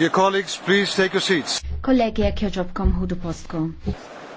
Dear colleagues, please take your seats. Kollegi, jek joġobkom hudu postkom.